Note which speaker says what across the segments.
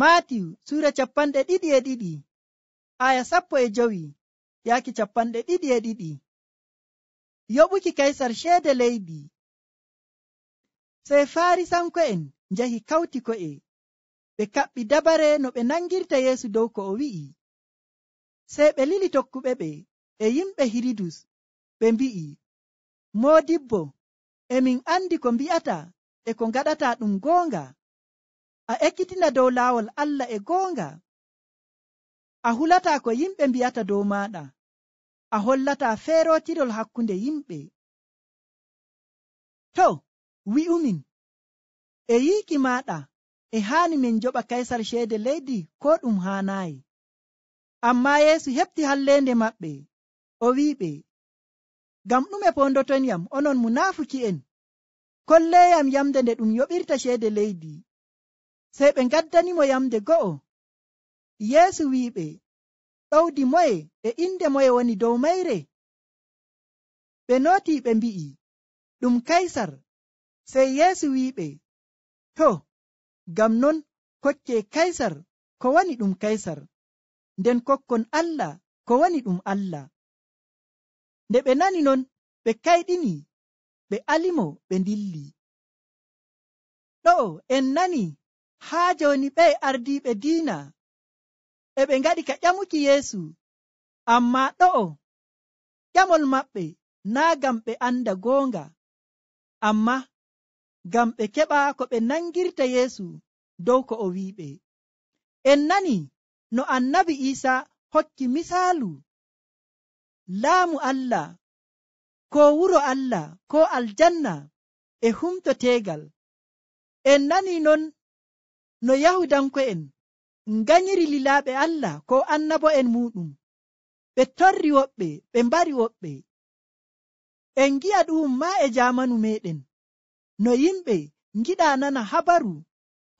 Speaker 1: matiw sura capanɗe ɗiɗi e ɗiɗi aya sappo e jowi yaaki capanɗe ɗiɗi e ɗiɗi yoɓuki kaisar ceede leydi sey farisanko'en njahi kawti ko'e ɓe kaɓɓi dabare no ɓe nangirta yeesu dow ko o wi'i sey ɓe lili tokkuɓe ɓe e yimɓe hiridus ɓe mbi'i moodibbo emin andi ko mbi'ata e ko ngaɗata ɗum goonga a ekkitina dow laawol allah e goonga a hulata ko yimɓe mbiyata dow maaɗa a hollata feerotirol hakkunde yimɓe to wi'umin e yiiki maaɗa e haani min joɓa kaysar ceede leydi ko ɗum haanaayi amma yeesu heɓti halleende maɓɓe o wi'ɓe ngam ɗume pondotonyam onon mo naafuki en kolleyam yamde nde ɗum yoɓirta ceede leydi sey ɓe ngaddani mo yamde go'o yeesu wi'i ɓe ɗowdi moye e innde moye woni dow mayre ɓe noti ɓe mbi'i ɗum kaysar sey yeesu wi'i ɓe to ngam non kokke kaysar ko wani ɗum kaysar nden kokkon allah ko wani ɗum allah nde ɓe nani non ɓe kayɗini ɓe alimo ɓe ndilli ɗo'o en nani haa joni ɓe ardiiɓe diina e ɓe ngaɗi ka ƴamuki yeesu amma ɗo'o ƴamol maɓɓe naa gam ɓe annda goonga amma gam ɓe keɓa ko ɓe nangirta yeesu dow ko o wi'ɓe en nani no annabi iisa hokki misaalu laamu allah ko wuro allah ko aljanna e humtoteegal en nani non no yahudanko'en nganyiri lilaaɓe allah ko annabo'en muɗum ɓe torri woɓɓe ɓe mbari woɓɓe en ngi'a ɗum ma e jamanu meɗen no yimɓe ngiɗa nana habaru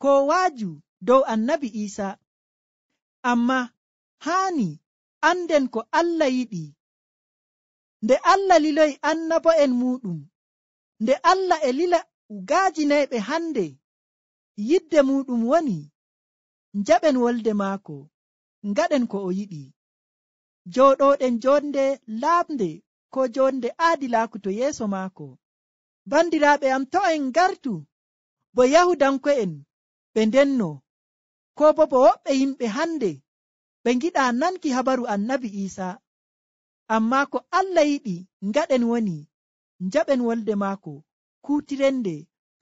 Speaker 1: ko waaju dow annabi isa amma haani anden ko allah yiɗi nde allah liloyi annabo'en muɗum nde allah e lila gaajinayɓe hannde yidde muɗum woni njaɓen wolde maako ngaɗen ko o yiɗi jooɗoɗen jonde laaɓnde ko jonde aadilaaku to yeeso maako bandiraaɓe am to en ngartu bo yahudanko'en ɓe ndenno ko bo bo woɓɓe yimɓe hannde ɓe ngiɗa nanki habaru annabi iisaa ammaa ko allah yiɗi ngaɗen woni njaɓen wolde maako kuutirennde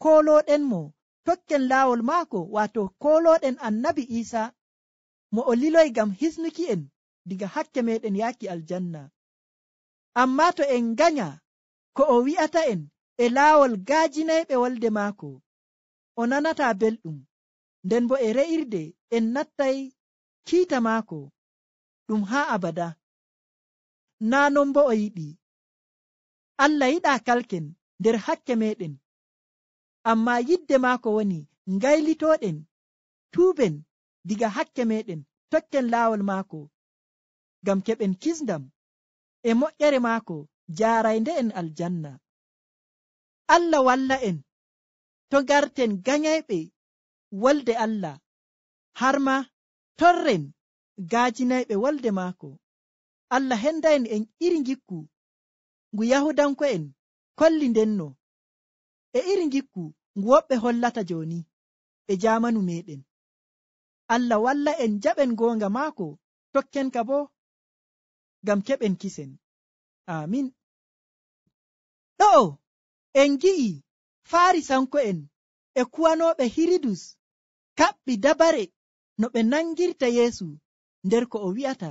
Speaker 1: koolooɗen mo tokken laawol maako waato kolooɗen annabi iisa mo o liloy gam hisnuki en diga hakke meɗen yaaki aljanna amma to en ganya ko o wi'ata en e laawol gaajinayɓe wolde maako o nanata belɗum nden bo e re'irde en nattay kiita maako ɗum haa abada naanon bo o yiɗi allah yiɗa kalken nder hakke meɗen amma yidde maako woni ngaylitoɗen tuuben diga hakke meɗen tokken laawol maako ngam keɓen kisdam e moƴƴere maako jaarayde en aljanna allah walla en to garten gayayɓe wolde allah har ma torren gaajinayɓe wolde maako allah henda en en iri gikku ngu yahudanko en kolli ndenno e iri gikku ngu woɓɓe hollata joni ɓe jamanu meɗen allah walla en jaɓen gonga maako tokkenka bo gam keɓen kisen amin ɗo'o en gi'i farisanko'en e kuwanoɓe hiridus kaɓɓi dabare no ɓe nangirta yeesu nder ko o wi'ata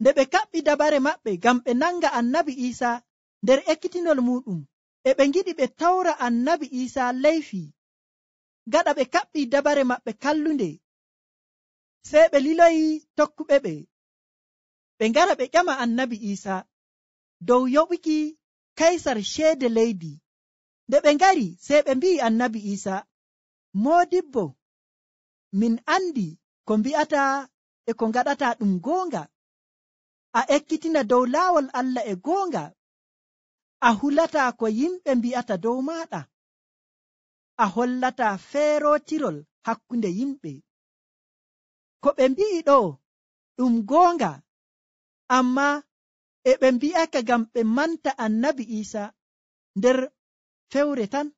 Speaker 1: nde ɓe kaɓɓi dabare maɓɓe gam ɓe nanga annabi isa nder ekkitinol muɗum e ɓe ngiɗi ɓe tawra annabi isaa leyfi gaɗa ɓe kaɓɓi dabare maɓɓe kallunde sey ɓe liloyi tokkuɓe ɓe ɓe ngara ɓe ƴama annabi isaa dow yoɓuki kaisar ceede leydi nde ɓe ngari sey ɓe mbi'i annabi isaa moodibbo min anndi ko mbi'ata e ko ngaɗata ɗum goonga a ekkitina dow laawol allah e goonga a hulata ko yimɓe mbi'ata dow maɗa a hollata feerotirol hakkunde yimɓe ko ɓe mbi'i ɗo ɗum goonga amma e ɓe mbi'aka ngam ɓe manta annabi iisa nder fewre tan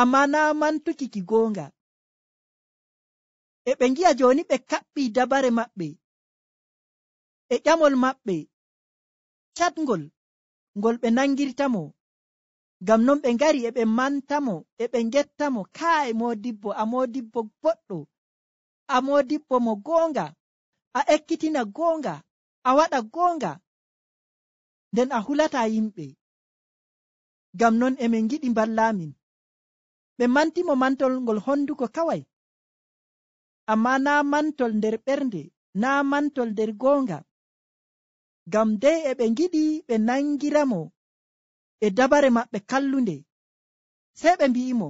Speaker 1: amma naa mantuki ki goonga e ɓe ngi'a jooni ɓe kaɓɓi dabare maɓɓe e ƴamol maɓɓe catgol ngol ɓe nangirta mo ngam non ɓe ngari e ɓe manta mo e ɓe getta mo kaa e modibbo a modibbo boɗɗo a modibbo mo goonga a ekkitina goonga a waɗa goonga nden a hulata yimɓe ngam non emin ngiɗi mballamin ɓe mantimo mantol ngol honnduko kawai amma naa mantol nder ɓernde naa mantol nder goonga ngam dey e ɓe ngiɗi ɓe nangiramo e dabare maɓɓe kallunde sey ɓe mbi'imo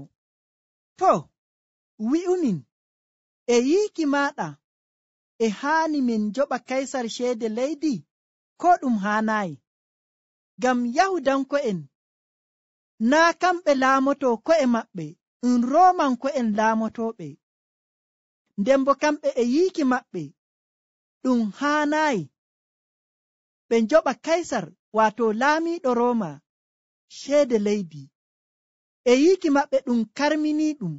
Speaker 1: to wi'umin e yiiki maɗa e haani min joɓa kaysar ceede leydi ko ɗum haanayi ngam yahudanko'en naa kamɓe laamoto ko'e maɓɓe n romanko'en laamotoɓe nden bo kamɓe e yiiki maɓɓe ɗum haanayi ɓe joɓa kaisar wato laamiɗo roma sheede leydi e yiki maɓɓe ɗum karmini ɗum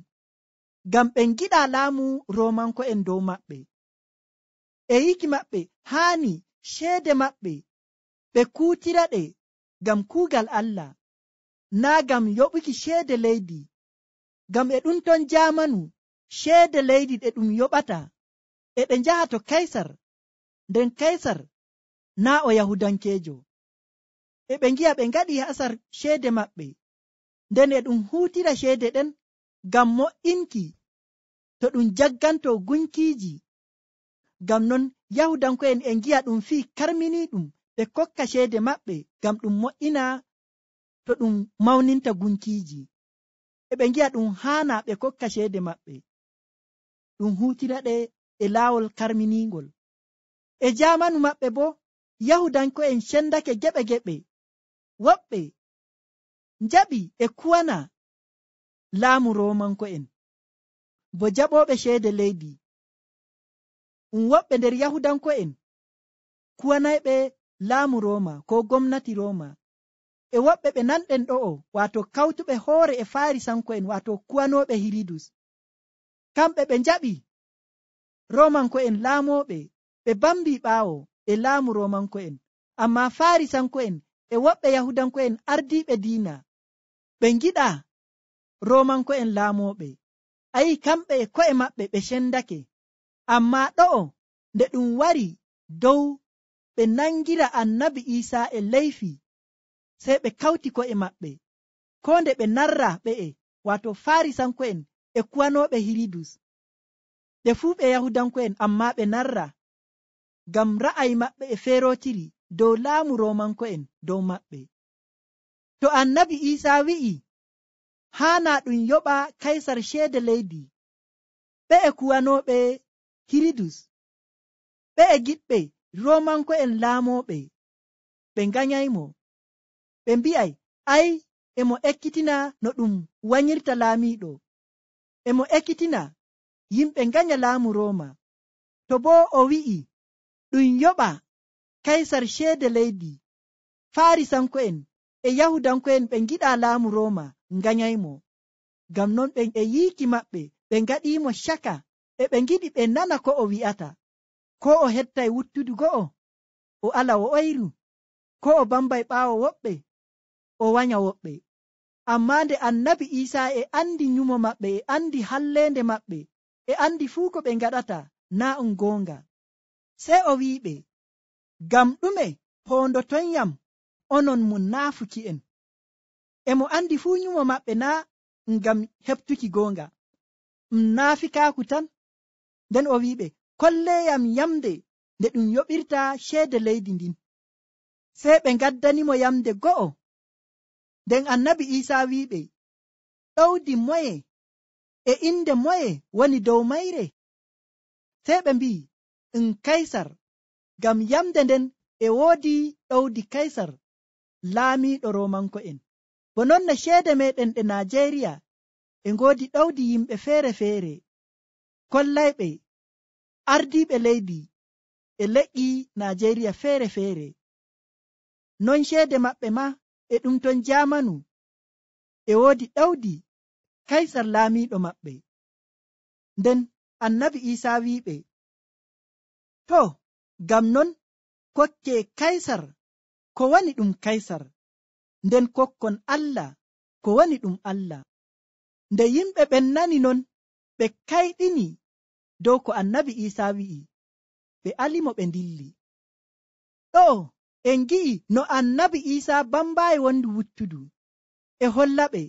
Speaker 1: ngam ɓen giɗa laamu romanko en dow maɓɓe e yiki maɓɓe haani sheede maɓɓe ɓe kutira ɗe ngam kuugal allah naa ngam yoɓuki sheede leydi ngam e ɗum ton jamanu sheede leydi ɗe ɗum yoɓata e ɓe njaha to kaisar nden kaisar na o yahudankejo e ɓe ngi'a ɓe ngaɗi hasar ceede maɓɓe nden e ɗum hutira ceede ɗen ngam mo'inki to ɗum jagganto gunkiiji ngam non yahudanko'en e ngi'a ɗum fii karmini ɗum ɓe kokka ceede maɓɓe ngam ɗum mo'ina to ɗum mawninta gunkiiji e ɓe ngi'a ɗum haana ɓe kokka ceede maɓɓe ɗum hutiraɗe e laawol karminiingol e jaamanu maɓɓe boo yahudanko'en cendake geɓe geɓe woɓɓe njaɓi e kuwana laamu romanko'en bo jaɓoɓe ceede leydi ɗum woɓɓe nder yahudanko'en kuwanayɓe laamu roma ko gomnati roma e woɓɓe ɓe nanɗen ɗo'o wato kawtuɓe hoore e farisanko'en wato kuwanoɓe hiridus kamɓe ɓe njaɓi romanko'en laamoɓe ɓe bambi ɓaawo ɓe laamu romanko en amma farisanko en e woɓɓe yahudanko en ardiɓe diina ɓe giɗa romanko en laamoɓe ayi kamɓe e ko'e maɓɓe ɓe shendake amma ɗo'o nde ɗum wari dow ɓe nangira annabi isa e leyfi sei ɓe kawti ko'e maɓɓe ko nde ɓe narra ɓe'e wato farisanko en e kuwanoɓe hiridus ɓe fuu ɓe yahudanko en amma ɓe narra ngam ra'ay maɓɓe e feerotiri dow laamu romanko'en dow maɓɓe to annabi iisaa wi'i haana ɗum yoɓa kaysar ceede leydi ɓe e kuwanooɓe hiridus ɓe e giɗɓe romanko'en laamooɓe ɓe nganyaymo ɓe mbi'ay ay emo ekkitina no ɗum wanyirta laamiiɗo emo ekkitina yimɓe nganya laamu roma to boo o wi'i ɗum yoɓa kaisar ceede leydi farisanko'en e yahudanko'en ɓe ngiɗa laamu roma nganyaymo ngam non ɓen e yiiki maɓɓe ɓe ngaɗimo caka e ɓe ngiɗi ɓe nana ko o wi'ata ko o hettay wuttudu go'o o ala o oyru ko o bambay ɓaawo woɓɓe o wanya woɓɓe amma nde annabi isa e andi nyumo maɓɓe e andi hallende maɓɓe e andi fuu ko ɓe ngaɗata naa on goonga sey o wi ɓe gam ɗume pondoton yam onon mum naafuki en emo andi fuu nyumo maɓɓe na ngam heɓtuki goonga um naafikaaku tan nden o wi ɓe kolleyam yamde nde ɗum yoɓirta ceede leydi ndin sey ɓe ngaddanimo yamde go'o nden annabi isaa wi ɓe ɗowdi moye e innde moye woni dow mayre sey ɓe mbi'i n kaisar ngam yamde nden e woodi ɗowdi kaisar laamiiɗo romanko'en bo non no ceede meɗen ɗe najeriya e ngoodi ɗowdi yimɓe feere feere kollayɓe ardiiɓe leydi e leƴƴi najeriya feere feere non ceede maɓɓe ma e ɗum ton jamanu e woodi ɗawdi kaisar laamiiɗo maɓɓe nden annabi isaa wiiɓe to gam non kokke kaisar ko wani ɗum kaisar nden kokkon allah ko wani ɗum allah nde yimɓe ɓen nani non ɓe kayɗini dow ko annabi isa wi'i ɓe alimo ɓe ndilli ɗo en gi'i no annabi isa bambayi wondi wuccudu e hollaɓe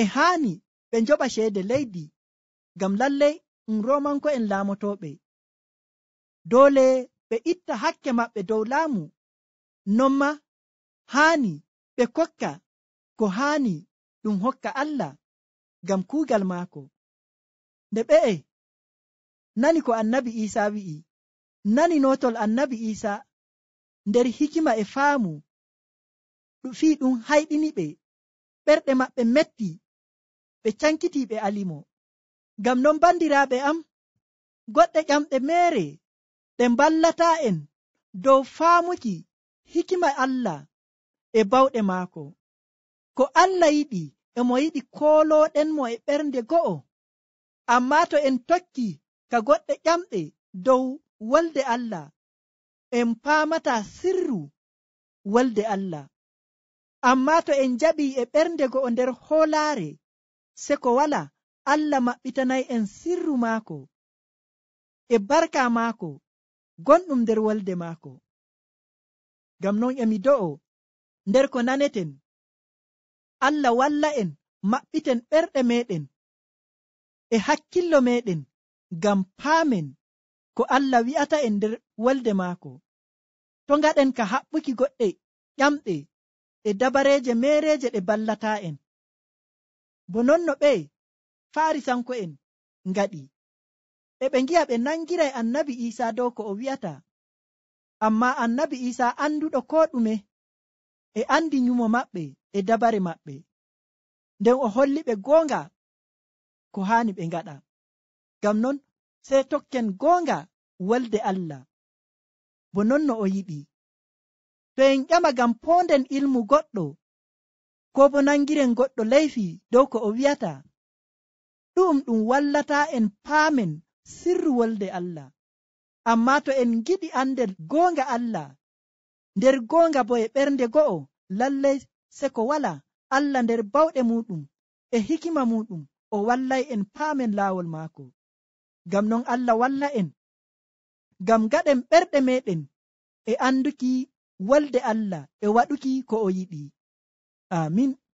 Speaker 1: e haani ɓe njoɓa ceede leydi gam lallei ɗum romanko en laamotoɓe dole ɓe itta hakke maɓɓe dow laamu nonma haani ɓe kokka ko haani ɗum hokka allah ngam kuugal maako nde ɓe'e nani ko annabi iisa wi'i nani notol annabi iisa nder hikima e faamu fii ɗum hayɗini ɓe ɓerɗe maɓɓe metti ɓe cankiti ɓe alimo ngam non bandiraaɓe am goɗɗe ƴamɗe meere ɓe mballata en dow faamuki hikima allah e bawɗe maako ko allah yiɗi emo yiɗi kolooɗen mo e ɓernde go'o amma to en tokki ka goɗɗe ƴamɗe dow wolde allah en paamata sirru wolde allah amma to en jaɓi e ɓernde go'o nder hoolaare se ko wala allah maɓɓitanay en sirru maako e barka maako gonɗum nder walde maako gam non emi do'o nder ko naneten allah walla en maɓɓiten ɓerɗe meɗen e hakkillo meɗen gam paamen ko allah wi'ata en nder walde maako to gaɗen ka haɓɓuki goɗɗe ƴamɗe e dabareeje mereeje ɗe ballata en bo nonno ɓe farisanko'en ngaɗi e ɓe ngi'a ɓe nangiray annabi iisaa dow ko o wi'ata amma annabi iisaa annduɗo ko ɗume e anndi nyumo maɓɓe e dabare maɓɓe nden o holli ɓe goonga ko haani ɓe ngaɗa ngam non sey tokken goonga walde allah bo non no o yiɗi to en ƴama ngam poonden ilmu goɗɗo ko bo nangiren goɗɗo layfi dow ko o wi'ata ɗum ɗum wallata en paamen sirru wolde allah amma to en giɗi annder goonga allah nder goonga bo e ɓernde go'o lallay se ko wala allah nder bawɗe muɗum e hikima muɗum o wallay en paamen laawol maako ngam non allah walla en ngam gaɗen ɓerɗe meɗen e annduki wolde allah e waɗuki ko o yiɗi amin